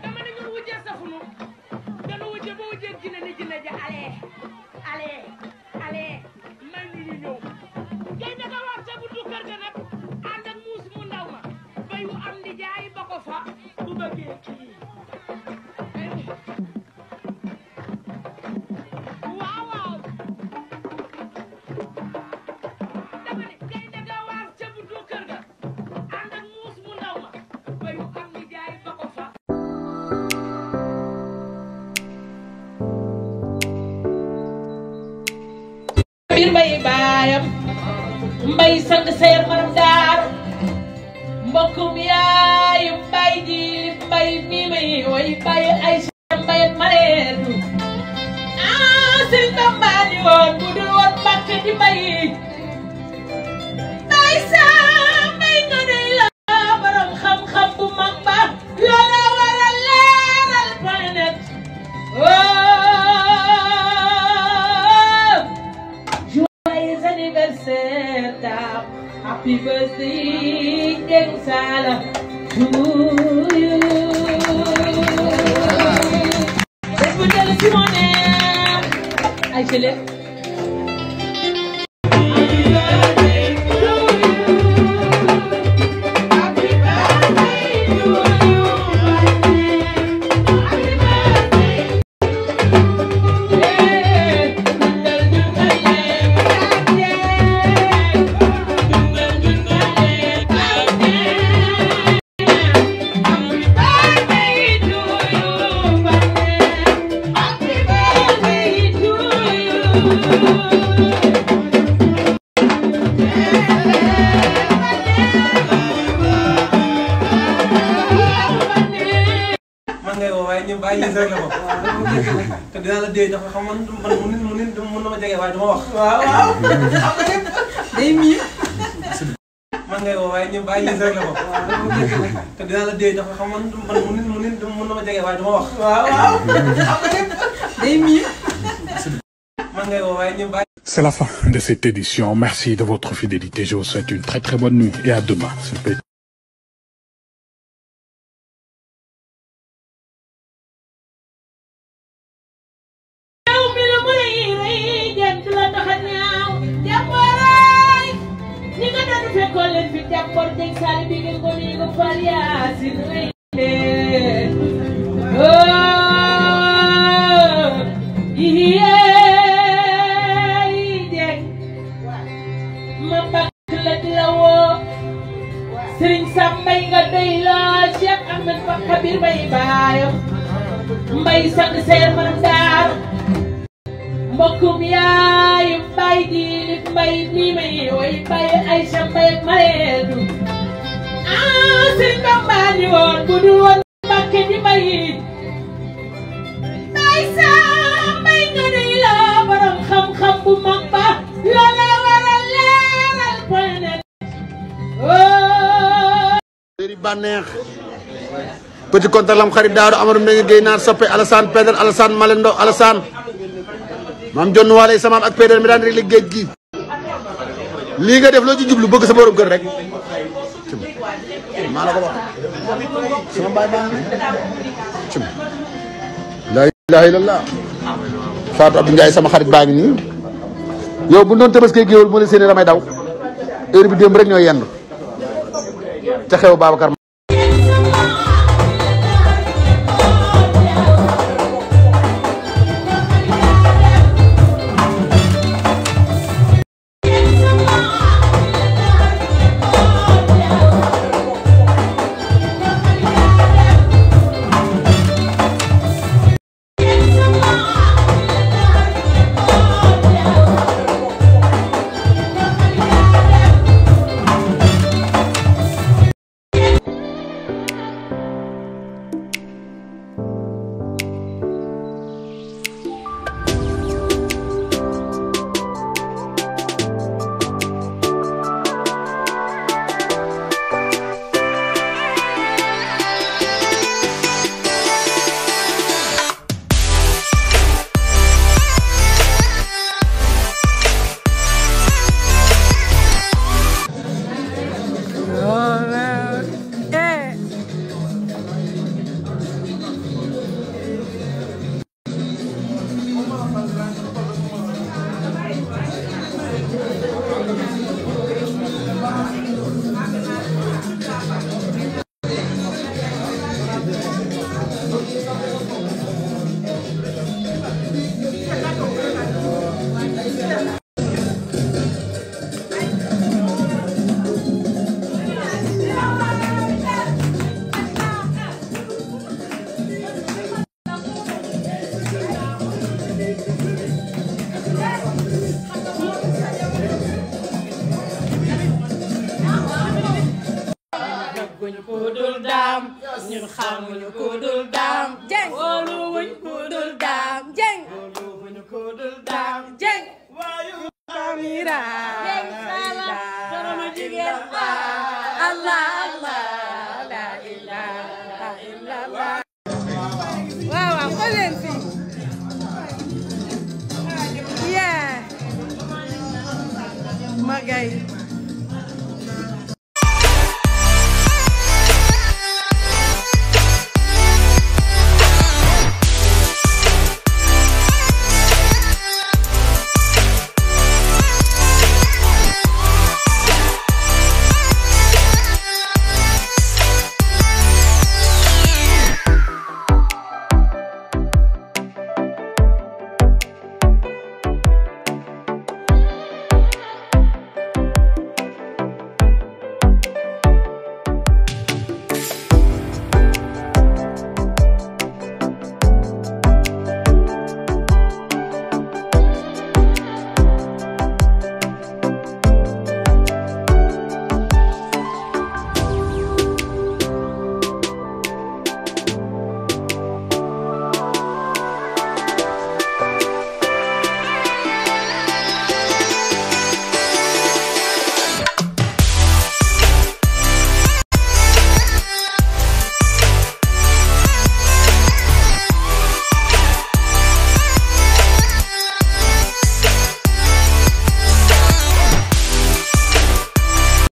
dama ne ñun wujjee safunu danu wujje ba wujjee jinne ni ja alee alee alee may ñu ñu ñëw gay naka war ca buntu ga rek ànd muus mu ndaw ma bayu am di ba ko fa bu bëggee mbay baayam mbay sang seer maram daar mbokkum yaayu mbay ji mbay mi may way bayu ay mbay mareetu ah sëñ Bamba di Happy birthday, Dekusala, to you. Let's put a little one there. I shall te dinaa la dee jox ko xam man man mu nit mën na ma jege waaye du ma wax. waaw waaw xam nga lépp day miir. man ngay woo waaye ñoom bàyyi ñu rek la ko. te dinaa la dee jox ko xam man man mu nit mu nit mën na ma jege waaye du ma wax. waaw waaw xam nga lépp day miir. man ngay woo waaye ñoom bàyyi C'est la fin de cette édition. Merci de votre fidélité. Je vous souhaite une très très bonne nuit et à demain. mbay sang seer ma daar mbokkum yaay mbay diini mbay mii may way mbay ay sa mbay mareedu aa ah, sëñ Bamba ni woon bu du woon Mbàkke di mbay mbay saa mbay nga day la borom xam-xam bu mag ba loola waral leeral point net oo oh. bànneex Petit Konte Lam Xarit Daaru Amadou Mbengue Guèye Naar Alassane Pedal Alassane Malendo Alassane mam jonne walé samaam ak Pedal mi daan rek liggéej gi li nga def lo ci jublu bëgg sa borom gën rek maa la ko wax sama baay baa la ilaha illallah Fatou Abdou Ndiaye sama xarit baangi ni yow bu doon tabaskee geewul mo la seen ramay daw heure bi démb rek ñoy yenn ca xew babakar Gracias. Amira Allah Allah la ilaha illallah waaw waaw xool leen fii